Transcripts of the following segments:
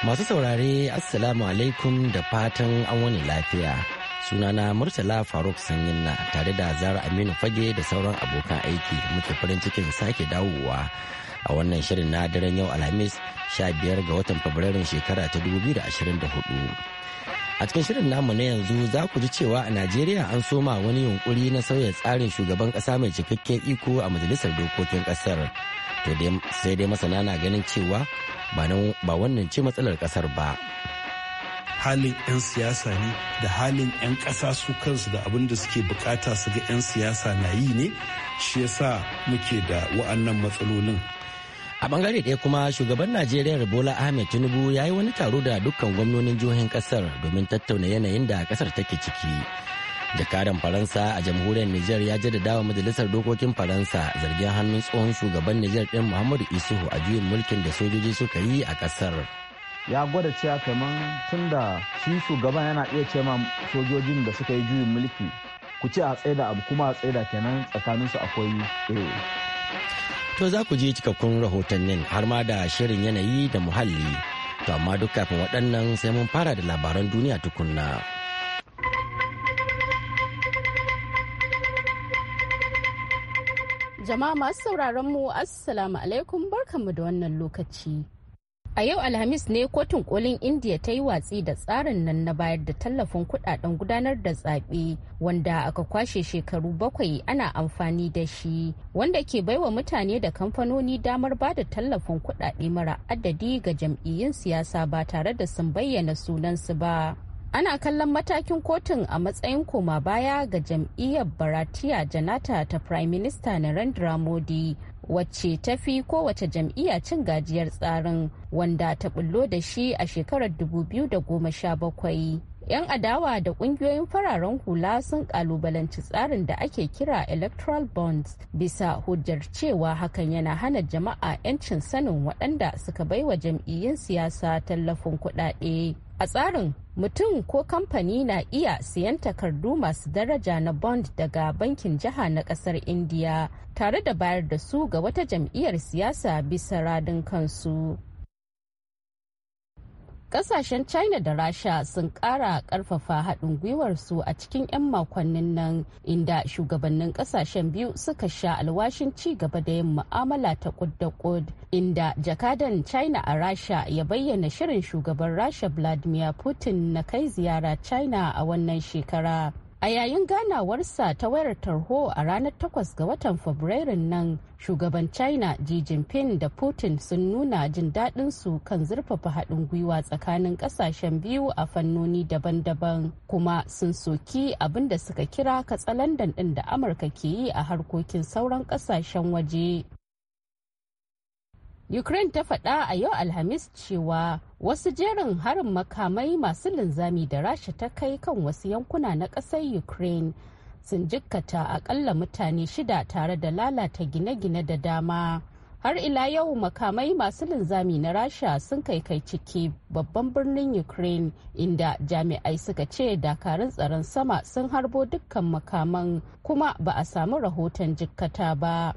Masu saurare Assalamu alaikum da fatan an wani lafiya. Sunana Murtala Faruk Sanyinna tare da Zara Aminu Fage da sauran abokan aiki muke farin cikin sake dawowa a wannan shirin na daren yau Alhamis 15 ga watan Fabrairun shekara ta 2024. A cikin shirin namu na yanzu za ku ji cewa a Najeriya an soma wani yunkuri na sauya tsarin shugaban ƙasa mai cikakken iko a majalisar dokokin ƙasar. To sai dai masana na ganin cewa ba wannan ce matsalar kasar ba halin 'yan siyasa ne da halin 'yan ƙasa su kansu da abin da suke bukata su ga 'yan siyasa na yi ne shi yasa muke da wa'annan matsalolin a bangare ɗaya kuma shugaban najeriya bola ahmed tinubu ya yi wani taro da dukkan gwamnonin jihohin ƙasar domin tattauna yanayin da ƙasar take ciki jakadan faransa a jamhuriyar niger ya jaddada wa majalisar dokokin faransa zargin hannun tsohon shugaban niger din muhammadu isuhu a juyin mulkin da sojoji suka yi a kasar ya gwada cewa kaman tun da shi shugaban yana iya ce ma sojojin da suka yi juyin mulki ku ce a tsaida abu kuma a tsaida kenan su akwai to za ku je cikakkun rahotannin har ma da shirin yanayi da muhalli to amma duk kafin waɗannan sai mun fara da labaran duniya tukunna. Jama'a masu sauraron mu Assalamu alaikum barkanmu da wannan lokaci. A yau Alhamis ne kotun kolin Indiya ta yi watsi da tsarin nan na bayar da tallafin kudaden gudanar da zaɓe wanda aka kwashe shekaru bakwai ana amfani da shi wanda ke baiwa mutane da kamfanoni damar ba da tallafin kudade mara adadi ga jam'iyyun siyasa ba tare da sun bayyana sunansu ba. ana kallon matakin kotun a matsayin koma baya ga jam'iyyar baratiya janata ta prime minister narendra modi wacce ta fi kowace jam'iyya cin gajiyar tsarin wanda ta bullo da shi a shekarar 2017 'yan adawa da kungiyoyin fararen hula sun kalubalanci tsarin da ake kira electoral bonds bisa hujjar cewa hakan yana hana jama'a 'yancin sanin waɗanda suka baiwa jam'iyyun siyasa tallafin kuɗaɗe a tsarin mutum ko kamfani na iya siyan takardu masu daraja na bond daga bankin jiha na kasar indiya tare da bayar da su ga wata jam'iyyar siyasa bisa radin kansu kasashen china da rasha sun kara karfafa haɗin gwiwarsu a cikin 'yan makonnin nan inda shugabannin kasashen biyu suka sha alwashin ci gaba da yin mu'amala ta kud da kud inda jakadan china a rasha ya bayyana shirin shugaban rasha vladimir putin na kai ziyara china a wannan shekara A yayin ganawarsa ta wayar tarho a ranar 8 ga watan Fabrairun nan, shugaban China Xi Jinping da Putin sun nuna jin daɗinsu kan zurfafa haɗin gwiwa tsakanin ƙasashen biyu a fannoni daban-daban, kuma sun soki abin da suka kira katsalandan ɗin da Amurka ke yi a harkokin sauran ƙasashen waje. Ukraine ta faɗa a yau Alhamis cewa wasu jerin harin makamai masu linzami da rasha ta kai kan wasu yankuna na ƙasar Ukraine sun jikkata akalla mutane shida tare da lalata gine-gine da dama. Har ila yau makamai masu linzami na rasha sun kai kai ciki babban birnin Ukraine inda jami'ai suka ce dakarun tsaron sama sun harbo dukkan makaman kuma ba a samu rahoton jikkata ba.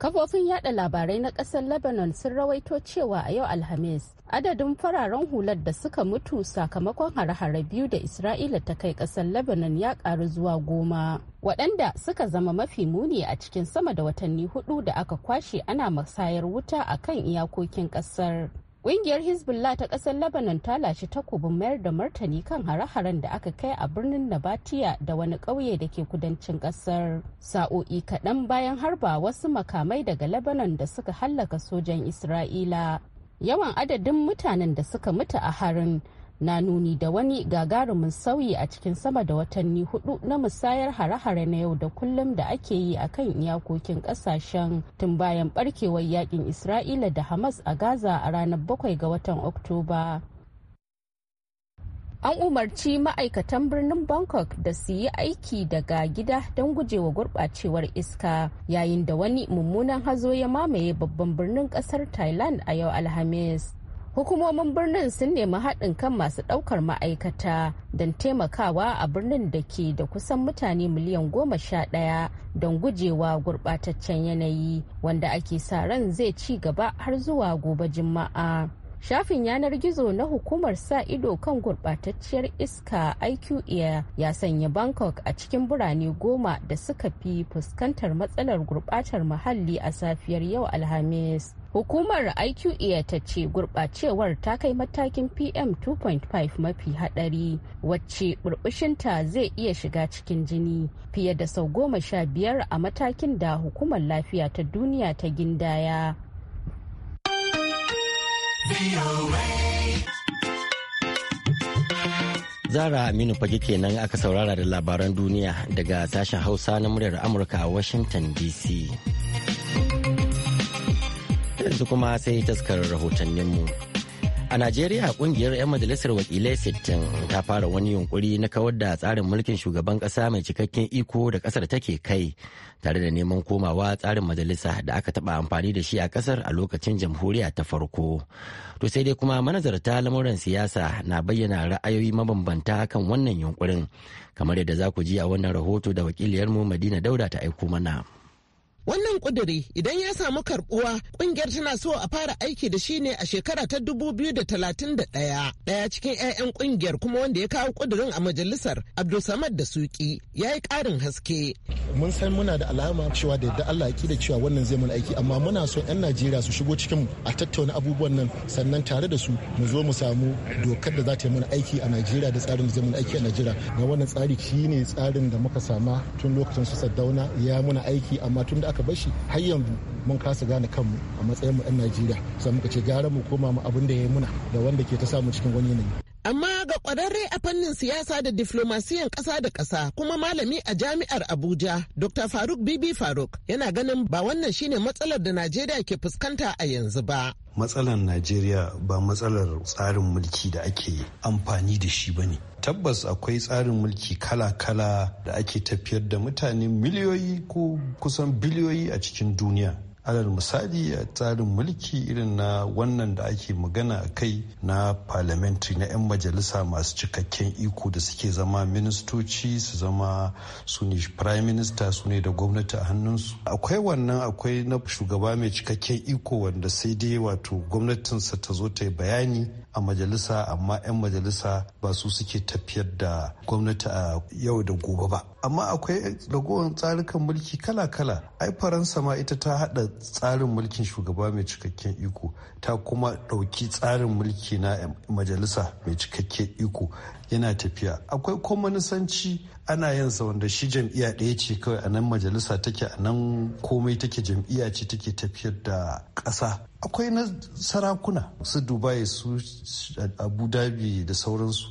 Kafofin yada labarai na kasar Lebanon sun rawaito cewa a yau Alhamis adadin fararen hular da suka mutu sakamakon hare-hare biyu da Isra'ila ta kai kasar Lebanon ya karu zuwa goma. Waɗanda suka zama mafi muni a cikin sama da watanni hudu da aka kwashe ana masayar wuta a kan iyakokin kasar. Ƙungiyar Hezbollah ta ƙasar Lebanon ta lashe takobin mayar da martani kan hare-haren da aka kai a birnin Nabatiya da wani ƙauye da ke kudancin ƙasar. Sa'o'i kaɗan bayan harba wasu makamai daga Lebanon da suka hallaka sojan Isra'ila. Yawan adadin mutanen da suka mutu a harin na nuni da wani gagarumin sauyi a cikin sama da watanni hudu na musayar hare-hare na yau da kullum da ake yi a kan iyakokin kasashen tun bayan barkewar yakin isra'ila da hamas a gaza a ranar 7 ga watan oktoba an umarci ma'aikatan birnin bangkok da su yi aiki daga gida don gujewa gurɓacewar iska yayin da wani mummunan hazo ya mamaye babban birnin ƙasar thailand a yau alhamis hukumomin birnin sun nemi haɗin kan masu ɗaukar ma'aikata don taimakawa a birnin da ke da kusan mutane miliyan goma sha ɗaya don gujewa gurɓataccen yanayi wanda ake sa ran zai ci gaba har zuwa gobe juma'a Shafin yanar gizo na hukumar sa ido kan gurɓatacciyar iska iqa ya sanya Bangkok a cikin birane goma da suka fi fuskantar matsalar gurɓatar muhalli a safiyar yau Alhamis. Hukumar iqa ta ce gurɓacewar ta kai matakin PM 2.5 mafi haɗari wacce burbushinta zai iya shiga cikin jini fiye da sau goma sha biyar a matakin da hukumar lafiya ta duniya ta gindaya. Zara Aminu fage kenan aka saurara da labaran duniya daga sashen Hausa na muryar Amurka a Washington DC. Yanzu kuma sai taskar rahotanninmu. A Najeriya kungiyar 'yan majalisar wakilai sittin ta fara wani yunkuri na kawar da tsarin mulkin shugaban kasa mai cikakken iko da kasar take kai tare da neman komawa tsarin majalisa da aka taba amfani da shi a kasar a lokacin jamhuriya ta farko. To sai dai kuma manazarta lamuran siyasa na bayyana ra'ayoyi mabambanta kan wannan yunkurin kamar yadda za ku ji a wannan rahoto da wakiliyarmu Madina Dauda ta aiko mana. Wannan kuduri idan ya samu karbuwa kungiyar tana so a fara aiki da shi ne a shekara ta dubu biyu da talatin da ɗaya. Ɗaya cikin 'ya'yan kungiyar kuma wanda ya kawo kudurin a majalisar Abdulsamad da Suki ya yi ƙarin haske. Mun san muna da alama cewa da yadda Allah ya da cewa wannan zai mana aiki amma muna so 'yan Najeriya su shigo cikin a tattauna abubuwan nan sannan tare da su mu zo mu samu dokar da za ta yi mana aiki a Najeriya da tsarin da zai mana aiki a Najeriya. na wannan tsari shi ne tsarin da muka sama tun lokacin su Saddauna ya muna aiki amma tun da aka aka bar shi har yanzu mun kasa gane kanmu a matsayin mu 'yan Najeriya sai muka ce gara mu koma mu abin da ya yi muna da wanda ke ta samu cikin wani yanayi. amma ga kwararre a fannin siyasa da diflomasiyan ƙasa da ƙasa kuma malami a jami'ar abuja dr faruk bibi faruk yana ganin ba wannan shine matsalar da najeriya ke fuskanta a yanzu ba matsalar najeriya ba matsalar tsarin mulki da ake amfani da shi ba ne tabbas akwai tsarin mulki kala-kala da ake tafiyar da mutane miliyoyi ko kusan biliyoyi a cikin duniya alal misali a tsarin mulki irin na wannan da ake magana a kai na parliamentary na 'yan majalisa masu cikakken iko da suke zama ministoci su zama su ne prime minister su ne da gwamnati a hannunsu akwai wannan akwai na shugaba mai cikakken iko wanda sai dai wato gwamnatinsa ta zo ta yi bayani a majalisa amma 'yan majalisa ba su suke tafiyar da gwamnati a yau da gobe ba amma akwai ragowar tsarukan mulki kala-kala ai faransa ma ita ta hada tsarin mulkin shugaba mai cikakken iko ta kuma dauki tsarin mulki na eh, majalisa mai cikakken iko yana tafiya akwai kwamanisanci ana yin sa wanda shi jam'iyya ɗaya ce kawai a nan majalisa take a nan komai take jam'iyya ce take tafiyar da ƙasa akwai na sarakuna su dubai su abu dhabi da sauransu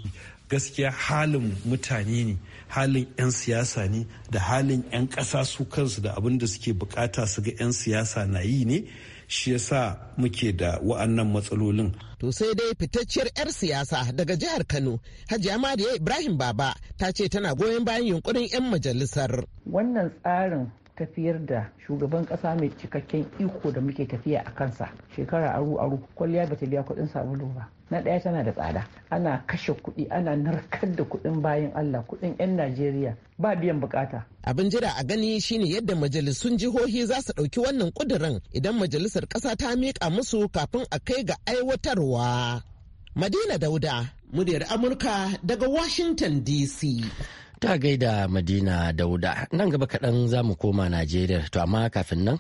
gaskiya halin mutane ne halin 'yan siyasa ne da halin 'yan ƙasa su kansu da abin da suke bukata su ga 'yan siyasa na yi ne shi yasa muke da wa'annan matsalolin. To sai dai fitacciyar 'yar siyasa daga jihar Kano, Hajiya Mariya Ibrahim Baba ta ce tana goyon bayan yunkurin 'yan majalisar. Wannan tsarin tafiyar da shugaban kasa mai cikakken iko da muke tafiya a kansa shekara aru aru kwalliya bata biya kuɗin sabulu ba na ɗaya tana da tsada ana kashe kuɗi ana narkar da kuɗin bayan allah kuɗin 'yan najeriya ba biyan bukata abin jira a gani shine yadda majalisun jihohi za su ɗauki wannan ƙuduran idan majalisar ƙasa ta miƙa musu kafin a kai ga aiwatarwa madina dauda muryar amurka daga washington dc ta gaida madina dauda nan gaba kaɗan za mu koma najeriya to amma kafin nan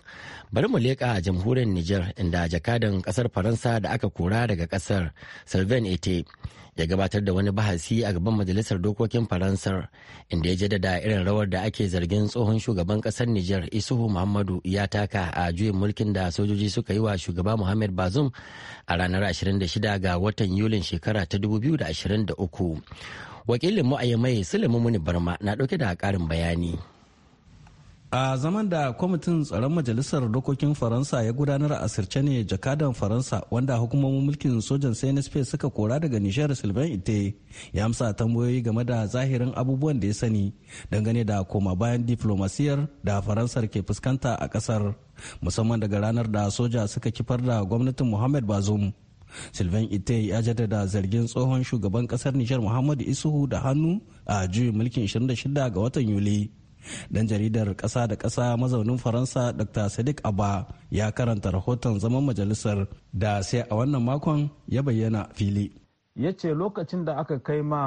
bari mu leƙa a jamhuriyar niger inda jakadan ƙasar faransa da aka kora daga ƙasar sylvain ete ya gabatar da wani bahasi a gaban majalisar dokokin faransar inda ya jaddada irin rawar da ake zargin tsohon shugaban ƙasar niger isuhu muhammadu ya taka a juyin mulkin da sojoji suka yi wa shugaba muhammad bazum a ranar 26 ga watan yulin shekara ta 2023 wakilin mu a muni barma na dauke da karin bayani a zaman da kwamitin tsaron majalisar dokokin faransa ya gudanar a sirce ne jakadan faransa wanda hukumomin mulkin sojan cnsp suka kora daga nishiyar sylvain ite ya amsa tambayoyi game da zahirin abubuwan da ya sani dangane da koma bayan diplomasiyar da faransar ke fuskanta a kasar musamman daga ranar da soja suka kifar da gwamnatin muhammad bazoum sylvain ite ya jaddada zargin tsohon shugaban kasar nijar muhammadu isuhu da hannu a juyin mulkin 26 ga watan yuli dan jaridar kasa da kasa mazaunin faransa dr sadiq abba ya karanta rahoton zaman majalisar da sai a wannan makon ya bayyana fili ya ce lokacin da aka kai ma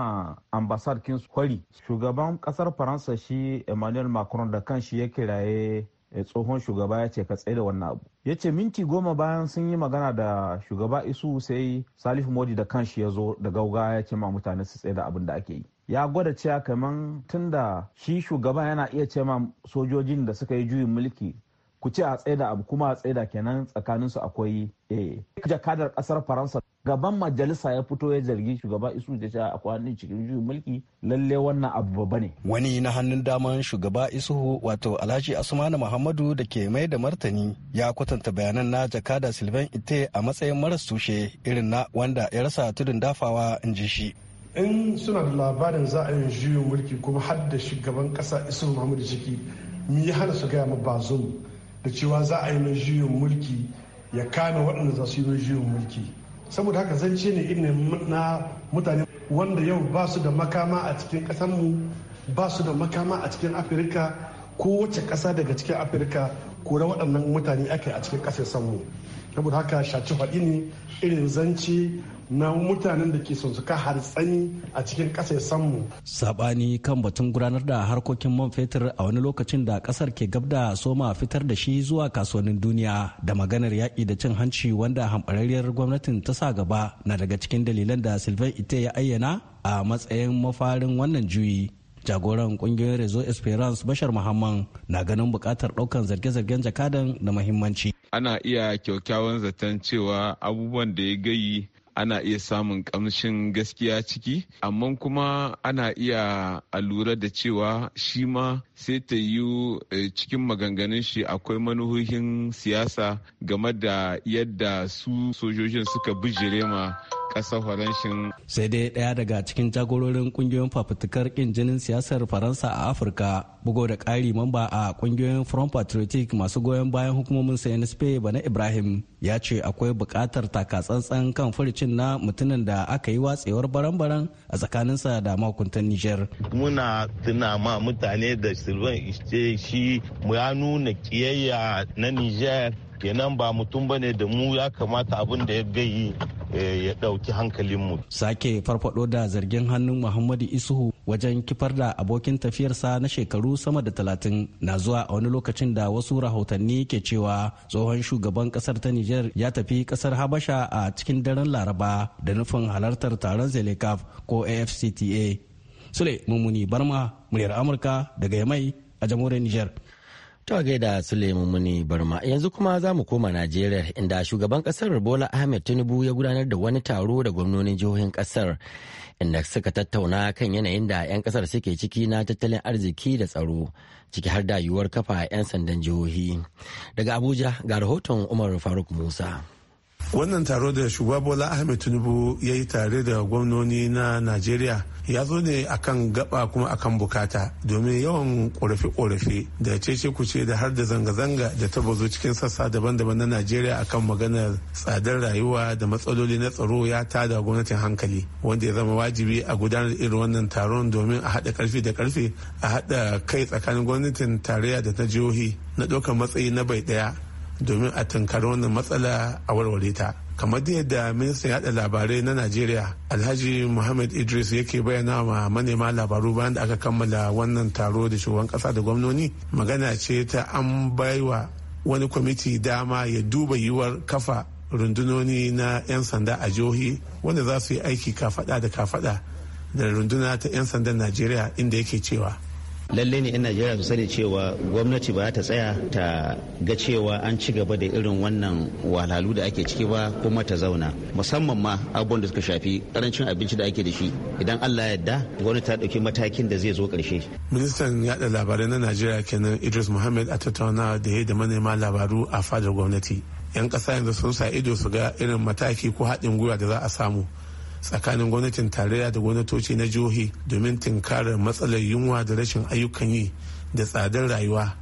ambasar kings kwari shugaban kasar faransa shi emmanuel macron da kan shi ya kiraye Eh, tsohon shugaba ya ce ka tsaye da wannan abu ya ce minti goma bayan sun yi magana da shugaba isu sai salif modi da kanshi ya zo da gauga ya ce ma mutane su tsaye da abin da ake yi ya gwada cewa kaman tun da shi shugaba yana iya ce ma sojojin da suka yi juyin mulki ku ce a da abu kuma a da kenan tsakaninsu akwai eh, jakadar kasar faransa gaban majalisa ya fito ya zargi shugaba isu da a a hannun cikin juyin mulki lalle wannan abu babba ne wani na hannun daman shugaba isuhu wato alhaji asmanu muhammadu da ke mai da martani ya kwatanta bayanan na jakada silvan ite a matsayin maras tushe irin na wanda ya rasa tudun dafawa in ji shi in suna da labarin za a yi juyin mulki kuma har da shugaban kasa isuhu muhammadu ciki mu yi hana su gaya ma bazum da cewa za a yi mai juyin mulki ya kame waɗanda za su yi mai juyin mulki saboda haka zance ne ne na mutane wanda yau ba su da makama a cikin kasanmu ba su da makama a cikin afirka ko wacce ƙasa daga cikin afirka kura waɗannan mutane ake a cikin ƙasar sanmu saboda haka shaci faɗi ne irin zanci na mutanen da ke son su ka hartsani a cikin ƙasa samu. Sabani kan batun gudanar da harkokin man fetur a wani lokacin da ƙasar ke gab soma fitar da shi zuwa kasuwannin duniya da maganar yaƙi da cin hanci wanda hamɓararriyar gwamnatin ta sa gaba na daga cikin dalilan da Sylvain Ite ya ayyana a matsayin mafarin wannan juyi. jagoran kungiyoyin rezo esperance bashar muhammad na ganin bukatar daukan zarge-zargen jakadan da mahimmanci ana iya kyaukyawan zaton cewa abubuwan da ya gayi ana iya samun kamshin gaskiya ciki amma kuma ana iya alura da cewa shi ma sai ta yi eh, cikin maganganun shi akwai manuhohin siyasa game da yadda su sojojin suka bijire ma kasar Faranshin. Sai dai ɗaya daga cikin jagororin ƙungiyoyin fafutukar kin jinin siyasar Faransa a Afirka, bugo da ƙari mamba a ƙungiyoyin Front Patriotic masu goyon bayan hukumomin CNSP Bana Ibrahim ya ce akwai buƙatar takatsantsan kan furicin na mutumin da aka yi watsewar baran-baran a tsakaninsa da makuntan niger. Muna tuna ma mutane da Silvan Ishe shi ya nuna kiyayya na Nijar kenan ba mutum bane da mu ya kamata abin da ya gayi eh, ya ɗauki hankalinmu. Sake farfado da zargin hannun Muhammadu Isuhu wajen kifar da abokin tafiyarsa na shekaru sama da talatin na zuwa a wani lokacin da wasu rahotanni ke cewa tsohon shugaban kasar ta Nijar ya tafi kasar Habasha a cikin daren Laraba da nufin halartar taron Zelekaf ko AFCTA. Sule Mummuni Barma, muryar Amurka daga Yamai a jamhuriyar Nijar. To gaida Suleiman Muni Barma yanzu kuma za mu koma Najeriya inda shugaban kasar Bola Ahmed Tinubu ya gudanar da wani taro da gwamnonin jihohin kasar inda suka tattauna kan yanayin da 'yan kasar suke ciki na tattalin arziki da tsaro ciki har da yiwuwar kafa 'yan sandan jihohi. Daga Abuja ga rahoton Umar Faruk Musa. wannan taro da shugaba bola ahmed tinubu ya yi tare da gwamnoni na najeriya ya zo ne akan gaba kuma akan bukata domin yawan korafe-korafe da cece kuce da har da zanga-zanga da ta bazo cikin sassa daban-daban na najeriya akan maganar tsadar rayuwa da matsaloli na tsaro ya tada gwamnatin hankali wanda ya zama wajibi a gudanar irin wannan taron domin a haɗa karfi da karfe a haɗa kai tsakanin gwamnatin tarayya da ta jihohi na ɗaukar matsayi na bai ɗaya domin a tunkari wannan matsala a warware ta kamar da yadda ministan yada labarai na najeriya alhaji muhammad idris yake bayyana wa manema labaru bayan da aka kammala wannan taro da shugaban kasa da gwamnoni magana ce ta an baiwa wani kwamiti dama ya duba yiwuwar kafa rundunoni na 'yan sanda a jihohi wanda za su yi aiki kafada da kafada da runduna ta 'yan sandan najeriya inda yake cewa lalle ne yan najeriya su sani cewa gwamnati ba ta tsaya ta ga cewa an ci gaba da irin wannan wahalhalu da ake ciki ba kuma ta zauna musamman ma abubuwan da suka shafi karancin abinci da ake da shi idan allah ya yarda gwamnati ta ɗauki matakin da zai zo karshe ministan yada labarai na najeriya kenan idris muhammad a tattaunawa da ya da manema labaru a fadar gwamnati yan kasa yanzu sun sa ido su ga irin mataki ko haɗin gwiwa da za a samu tsakanin gwamnatin tarayya da gwamnatoci na jihohi domin tinkarar matsalar yunwa da rashin ayyukan yi da tsadar rayuwa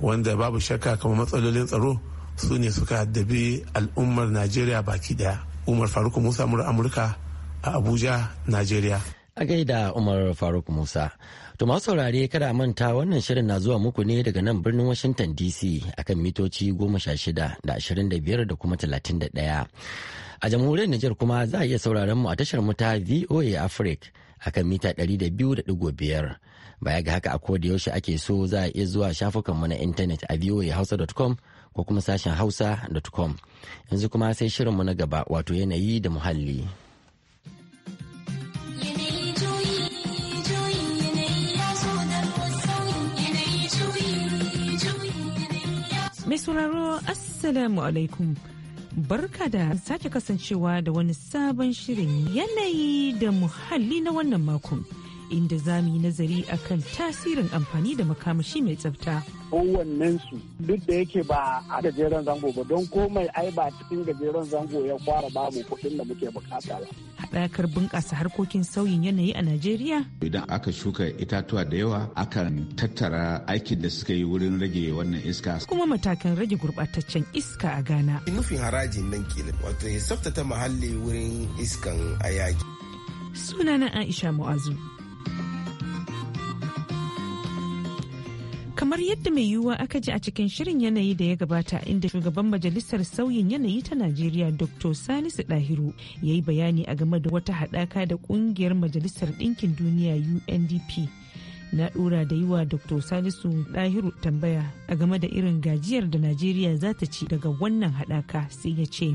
wanda babu shakka kamar matsalolin tsaro su ne suka haddabi al'ummar najeriya baki daya umar faruk musa mura amurka a abuja najeriya a gaida umar faruk musa to masu saurare kada manta wannan shirin na zuwa muku ne daga nan birnin washinton dc akan mitoci 16 da 25 da kuma 31 A jamhuriyar Nijar kuma za a iya sauraron mu a tashar mu ta VOA Africa akan mita 200.5. Baya ga haka a koda yaushe ake so za a iya zuwa shafukan mu na intanet a voahausa.com ko kuma sashen hausa.com. Yanzu kuma sai shirin mu na gaba wato yanayi da muhalli. Mai sauraro Assalamu alaikum. barka da sake kasancewa da wani sabon shirin yanayi da muhalli na wannan makon. inda za mu yi nazari akan tasirin amfani da makamashi mai tsafta. Kowannen su duk da yake ba a gajeren zango ba don komai ai ba cikin gajeren zango ya fara babu kuɗin da muke bukata ba. Haɗakar bunƙasa harkokin sauyin yanayi a Najeriya. Idan aka shuka itatuwa da yawa akan tattara aikin da suka yi wurin rage wannan iska. Kuma matakan rage gurbataccen iska a Ghana. Nufin harajin nan kenan wato ya tsaftace muhalli wurin iskan a Sunana Aisha Mu'azu. kamar yadda mai yiwuwa aka ji a cikin shirin yanayi da ya gabata inda shugaban majalisar sauyin yanayi ta najeriya dr salisu dahiru ya yi bayani a game da wata haɗaka da ƙungiyar majalisar ɗinkin duniya undp na ɗora da yiwa dr salisu dahiru tambaya a game da irin gajiyar da najeriya za ta ci daga wannan haɗaka sai ya ce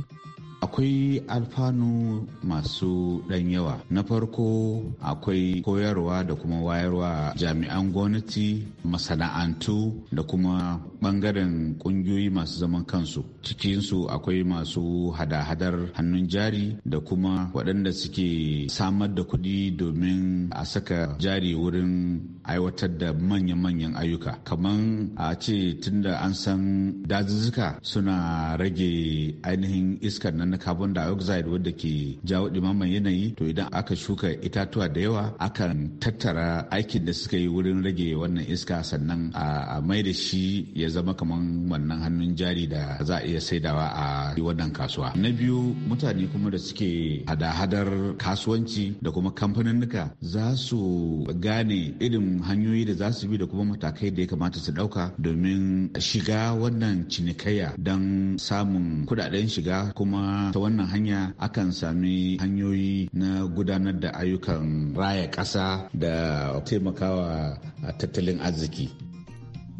akwai alfanu masu ɗan yawa na farko akwai koyarwa da kuma wayarwa jami'an gwamnati masana'antu da kuma ɓangaren ƙungiyoyi masu zaman kansu cikinsu akwai masu hada-hadar hannun jari da kuma waɗanda suke samar da kuɗi domin a saka jari wurin aiwatar da manya-manyan ayyuka kamar a ce tunda an san dazuzzuka suna rage ainihin iskar nan na carbon dioxide wadda ke jawo ɗimaman yanayi to idan aka shuka itatuwa da yawa akan tattara aikin da suka yi wurin rage wannan iska sannan a mai da shi ya zama kamar wannan hannun jari da za a iya saidawa a wannan kasuwa na biyu mutane kuma da suke hada-hadar kasuwanci da kuma kamfaninnika za su gane irin hanyoyi da za su bi da kuma matakai da ya kamata su ɗauka domin shiga wannan cinikayya don samun kudaden shiga kuma ta wannan hanya akan sami hanyoyi na gudanar da ayyukan raya ƙasa da taimakawa a tattalin arziki.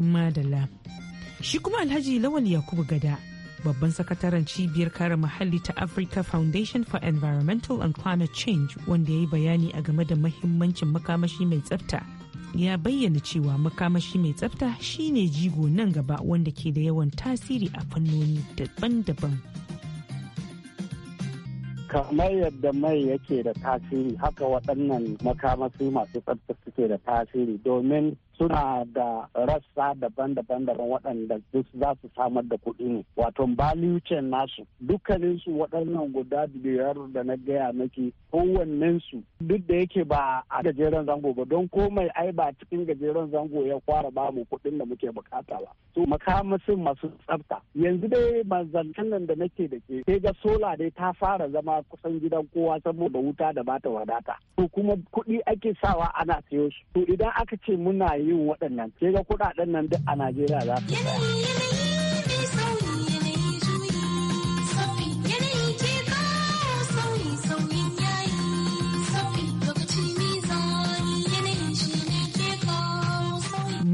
Madala. Shi kuma Alhaji Lawal Yakubu Gada, babban sakataren cibiyar kare muhalli ta Africa Foundation for Environmental and Climate Change wanda ya yi bayani a game da mahimmancin makamashi mai tsafta. Ya bayyana cewa makamashi mai tsafta shine jigo nan gaba wanda ke da yawan tasiri a fannoni daban-daban. kamar yadda mai yake da tasiri haka waɗannan makamashi masu tsabtace suke da tasiri domin suna da rassa daban-daban daban waɗanda duk za su samar da kuɗi ne wato value chain nasu dukkanin waɗannan guda biyar da na gaya maki kowannen duk da yake ba a gajeren zango ba don komai ai ba cikin gajeren zango ya fara ba mu kuɗin da muke bukata ba su makamasin masu tsafta yanzu dai manzantan nan da nake da ke sai ga sola dai ta fara zama kusan gidan kowa saboda wuta da bata wadata to kuma kuɗi ake sawa ana siyo su to idan aka ce muna yi yin waɗannan ke ga kuɗaɗen nan duk a najeriya za su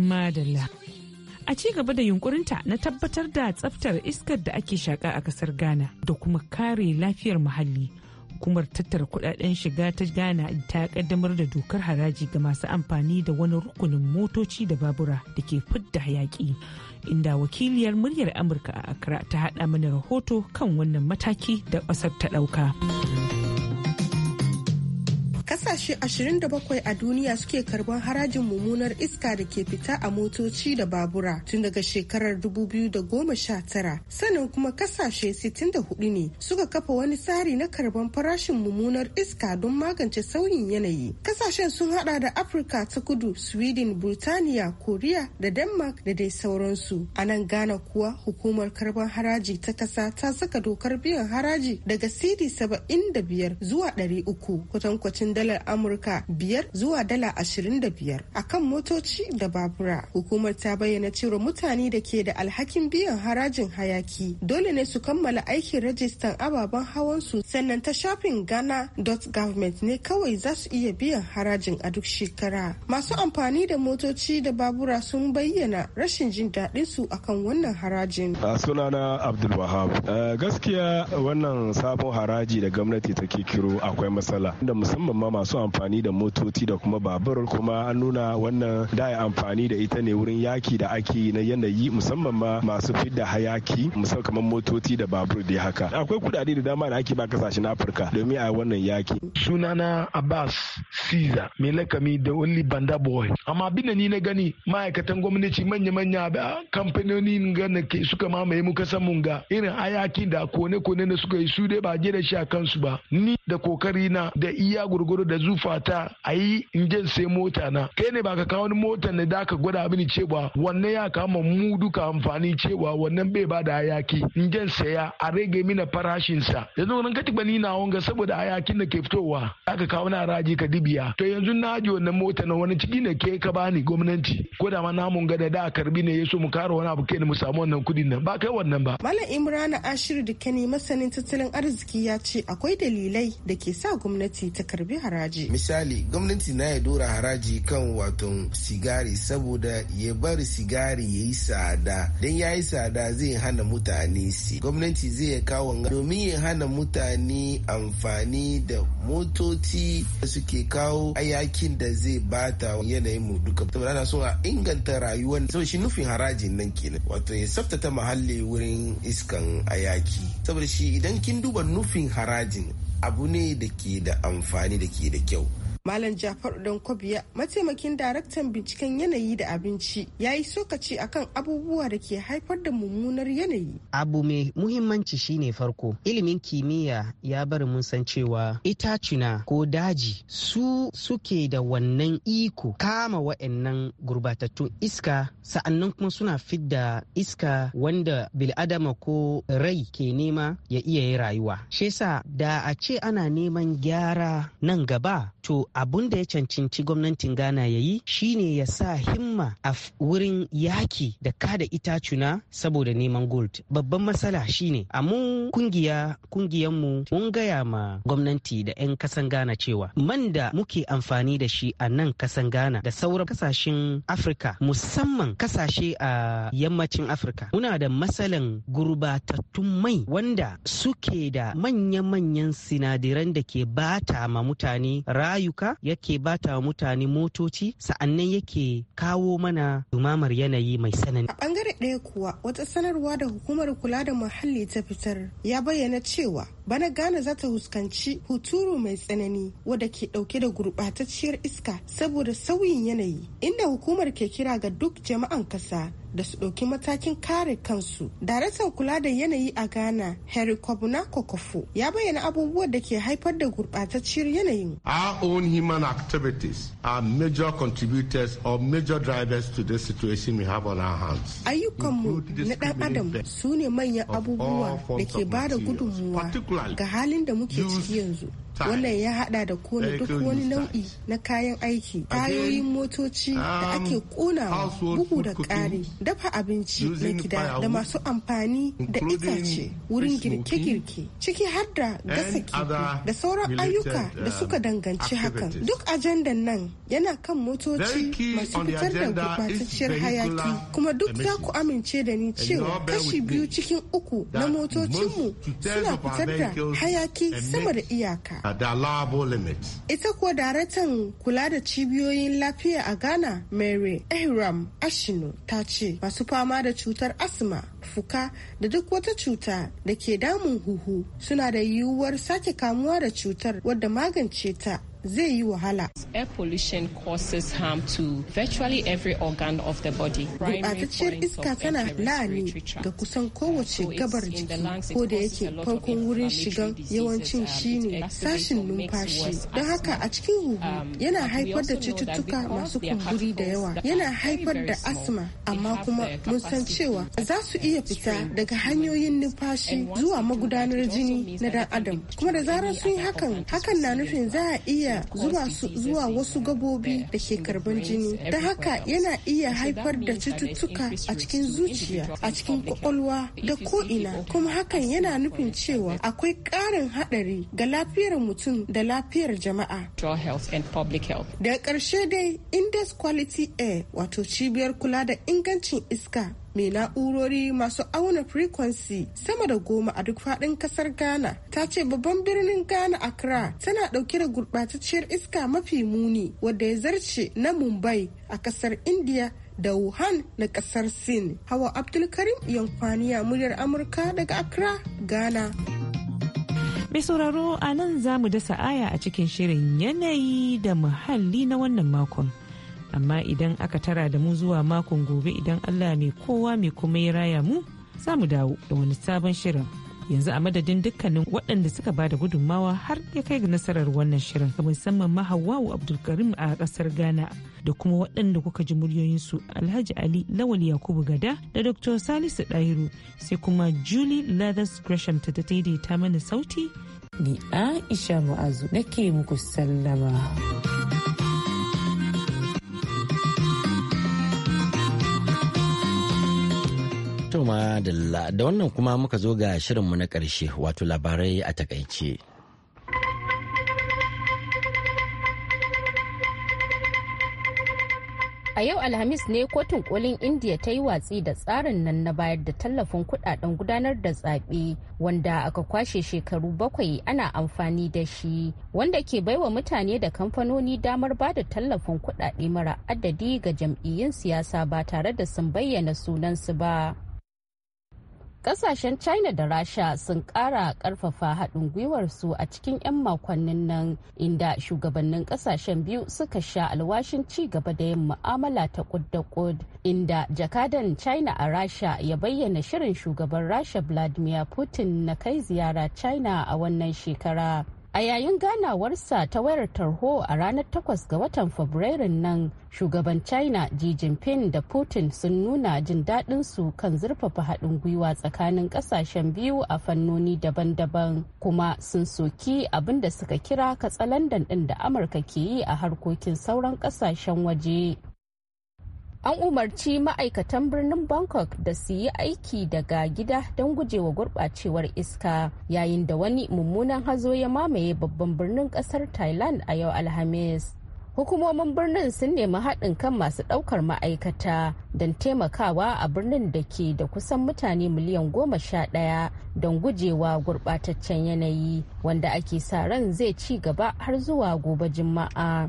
Madalla. a ci gaba da yunkurinta na tabbatar da tsaftar iskar da ake shaƙa a ƙasar ghana da kuma kare lafiyar muhalli hukumar tattara kudaden shiga ta ghana ta kaddamar da dokar haraji ga masu amfani da wani rukunin motoci da babura da ke fidda hayaki inda wakiliyar muryar amurka a accra ta hada mana rahoto kan wannan mataki da ƙasar ta ɗauka. kasashe 27 a duniya suke karban harajin mummunar iska da ke fita a motoci da babura tun daga shekarar 2019 sannan kuma kasashe 64 ne suka kafa wani tsari na karban farashin mummunar iska don magance sauyin yanayi kasashen sun hada da afirka ta kudu sweden burtaniya korea da denmark da dai sauransu a nan ghana kuwa hukumar karban haraji ta kasa ta saka dokar biyan haraji daga cd 75 zuwa 300 kwatankwacin dalar Amurka biyar zuwa dala ashirin da biyar a kan motoci da babura. Hukumar ta bayyana cewa mutane da ke da alhakin biyan harajin hayaki dole ne su kammala aikin rajistan ababen hawansu sannan ta shafin dot ghana.government ne kawai za su iya biyan harajin a duk shekara. Masu amfani da motoci da babura sun bayyana rashin jin daɗin su akan wannan harajin. sunana Abdul Wahab. gaskiya wannan sabon haraji da gwamnati ta kiro akwai matsala da musamman ma masu masu amfani da motoci da kuma babur kuma an nuna wannan da amfani da ita ne wurin yaki da ake na yanayi musamman ma masu fidda hayaki musamman kamar motoci da babur dai haka akwai kudade da dama da ake ba kasashen afirka domin a wannan yaki sunana abbas siza mai lakami da only banda boy amma abin ni na gani ma'aikatan gwamnati manya-manya kamfanoni gana ke suka mamaye mu kasan mun ga irin hayakin da kone-kone na suka yi su dai ba je da shi a kansu ba ni da kokari na da iya gurguru da zufata a yi in sai mota na kai ne baka kawo wani mota ne da ka gwada mini cewa wannan ya kama mu duka amfani cewa wannan bai ba da hayaki in saya a rage mina farashin sa yanzu nan kati bani na wanga saboda hayakin da ke fitowa aka kawo na raji ka dibiya to yanzu na ji wannan mota na wani ciki ne ke ka bani gwamnati ko da ma namun gada da karbi ne yaso mu kara wani abu kai mu samu wannan kudin nan ba kai wannan ba malam imrana ashiru dukani masanin tattalin arziki ya ce akwai dalilai da ke sa gwamnati ta karbi haraji haraji misali gwamnati na ya dora haraji kan wato sigari saboda ya bar sigari ya yi tsada don ya yi tsada zai hana mutane si gwamnati zai ya kawo domin ya hana mutane amfani da motoci da suke kawo ayakin da zai bata yanayin mu duka saboda ana so a inganta rayuwar saboda shi nufin harajin nan kenan wato ya tsaftata muhalli wurin iskan ayaki saboda shi idan kin duba nufin harajin abu ne da ke da amfani da ke da kyau Malam Jafaru kobiya mataimakin daraktan binciken yanayi da abinci, ya yi sokaci akan abubuwa da ke haifar da mummunar yanayi. Abu mai muhimmanci shine farko. Ilimin kimiyya ya bari mun san cewa itacina ko daji su suke da wannan iko kama wa'annan gurbatattun iska sa'annan kuma suna fidda iska wanda bil'adama ko rai ke nema ya iya yi rayuwa. Shi da a ce ana neman gyara nan gaba to abun da ya cancanci gwamnatin ghana ya yi shine ya sa himma a wurin yaki da kada itacuna saboda neman gold babban matsala shine a mun kungiya kungiyanmu mun gaya ma gwamnati da 'yan kasan ghana cewa man da muke amfani da shi a nan kasan ghana da sauran kasashen afirka musamman kasashe a yammacin afirka muna da matsalan gurbatattun mai wanda suke da manya-manyan sinadiran da ke bata ma mutane rayuka doka yake bata mutane motoci sa'annan yake kawo mana dumamar yanayi mai tsanani. A bangare ɗaya kuwa wata sanarwa da hukumar kula da muhalli ta fitar ya bayyana cewa bana Ghana za ta huskanci huturu mai tsanani wadda ke ɗauke da gurɓatacciyar iska saboda sauyin yanayi inda hukumar ke kira ga duk jama'an ƙasa da su ɗauki matakin kare kansu. Daraktan kula da yanayi a Ghana, Harry Kwabuna Kokofo, ya bayyana abubuwan da ke haifar da gurɓatacciyar yanayin. Our own human activities are major contributors or major drivers to the situation we have on our hands. Ayyukanmu na ɗan adam su ne manyan abubuwa da ke ba da gudunmuwa ga halin da muke ciki yanzu. wannan ya hada da kona duk wani nau'i na kayan aiki tayoyin motoci da um, ake konawa bugu da ƙari dafa abinci na gida da masu amfani da itace wurin girke-girke ciki har da gasa kifi da sauran ayyuka um, da suka danganci hakan duk ajandan nan yana kan motoci masu fitar da gurbatacciyar hayaki kuma duk za ku amince da ni cewa kashi biyu cikin uku na motocinmu suna fitar da hayaki sama da iyaka da labo limit. Ita kuwa daraktan kula da cibiyoyin lafiya a Ghana, Mary Ehram Ashino ta ce masu fama da cutar asma, fuka da duk wata cuta da ke damun huhu suna da yiwuwar sake kamuwa da cutar wadda magance ta zai yi wahala. Air pollution causes harm to virtually every organ of the body. Gurɓatacciyar iska tana la'ani ga kusan kowace gabar jiki ko da yake farkon wurin shigan yawancin uh, shine sashin numfashi. Don haka a cikin huhu um, yana haifar da cututtuka masu kumburi da yawa, yana haifar da asma amma kuma mun san cewa za su iya fita daga hanyoyin numfashi zuwa magudanar jini na dan adam. Kuma da zarar sun yi hakan, hakan na nufin za a iya hana zuwa wasu gabobi da ke karban jini ta haka yana iya haifar da cututtuka a cikin zuciya a cikin kwakwalwa da ko ina kuma hakan yana nufin cewa akwai ƙarin haɗari ga lafiyar mutum da lafiyar jama'a Da ƙarshe dai Indus quality air wato cibiyar kula da ingancin iska mai na'urori masu auna frequency sama da goma a duk faɗin ƙasar Ghana ta ce babban birnin Ghana Accra tana ɗauke da gurɓatacciyar iska mafi muni wadda ya zarce na Mumbai a ƙasar India da Wuhan na ƙasar Sin. Hawa Abdulkarim Yankwaniya muryar Amurka daga Accra, Ghana. Mai sauraro a nan za mu dasa aya a cikin shirin yanayi da muhalli na wannan makon. amma idan aka tara da mu zuwa makon gobe idan allah mai kowa mai kuma ya raya mu za mu dawo da wani sabon shirin yanzu a madadin dukkanin waɗanda suka ba da gudunmawa har ya kai ga nasarar wannan shirin musamman ma abdulkarim a ƙasar ghana da kuma waɗanda kuka ji muryoyinsu alhaji ali lawal yakubu gada da dr salisu ɗahiru sai kuma julie lathers gresham ta daidaita mana sauti ni aisha mu'azu nake muku sallama. To Dalla da wannan kuma muka zo ga shirinmu na ƙarshe wato labarai a takaice. A yau Alhamis ne kotun kolin India ta yi watsi da tsarin nan na bayar da tallafin kudaden gudanar da zaɓe wanda aka kwashe shekaru bakwai ana amfani da shi wanda ke baiwa mutane da kamfanoni damar ba da tallafin kudade mara adadi ga jam'iyyun siyasa ba tare da sun bayyana sunansu ba. kasashen china da rasha sun kara karfafa haɗin gwiwarsu a cikin 'yan makonnin nan inda shugabannin kasashen biyu suka sha alwashin ci gaba da yin mu'amala ta kud kud inda jakadan china a rasha ya bayyana shirin shugaban rasha vladimir putin na kai ziyara china a wannan shekara A yayin ganawarsa ta wayar tarho a ranar 8 ga watan Fabrairun nan, shugaban China Xi Jinping da Putin sun nuna jin daɗin su kan zurfafa haɗin gwiwa tsakanin ƙasashen biyu a fannoni daban-daban, kuma sun soki abin da suka kira katsalandan ɗin da Amurka ke yi a harkokin sauran ƙasashen waje. an umarci ma'aikatan birnin bangkok da su yi aiki daga gida don gujewa gurɓacewar iska yayin da wani mummunan hazo ya mamaye babban birnin ƙasar thailand a yau alhamis hukumomin birnin sun nemi haɗin kan masu ɗaukar ma'aikata don taimakawa a birnin da ke da kusan mutane miliyan goma sha ɗaya don gujewa gurɓataccen yanayi wanda ake sa ran zai ci gaba har zuwa gobe juma'a.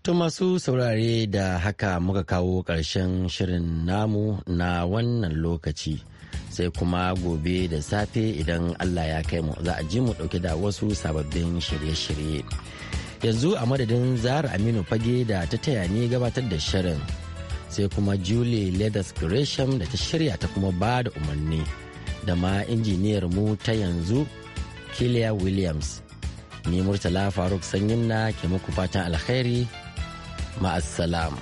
To masu saurare da haka muka kawo ƙarshen shirin namu na wannan lokaci. Sai kuma gobe da safe idan Allah ya kai mu za a ji mu ɗauke da wasu sababbin shirye-shirye. Yanzu a madadin Zahar Aminu Fage da ta taya ni gabatar da shirin. Sai kuma Julie Leathers Gresham da ta shirya ta kuma ba da umarni. Da ma injiniyar mu ta yanzu, Kilia Williams. Ni Murtala Faruk Sanyin na ke muku fatan alkhairi. مع السلامه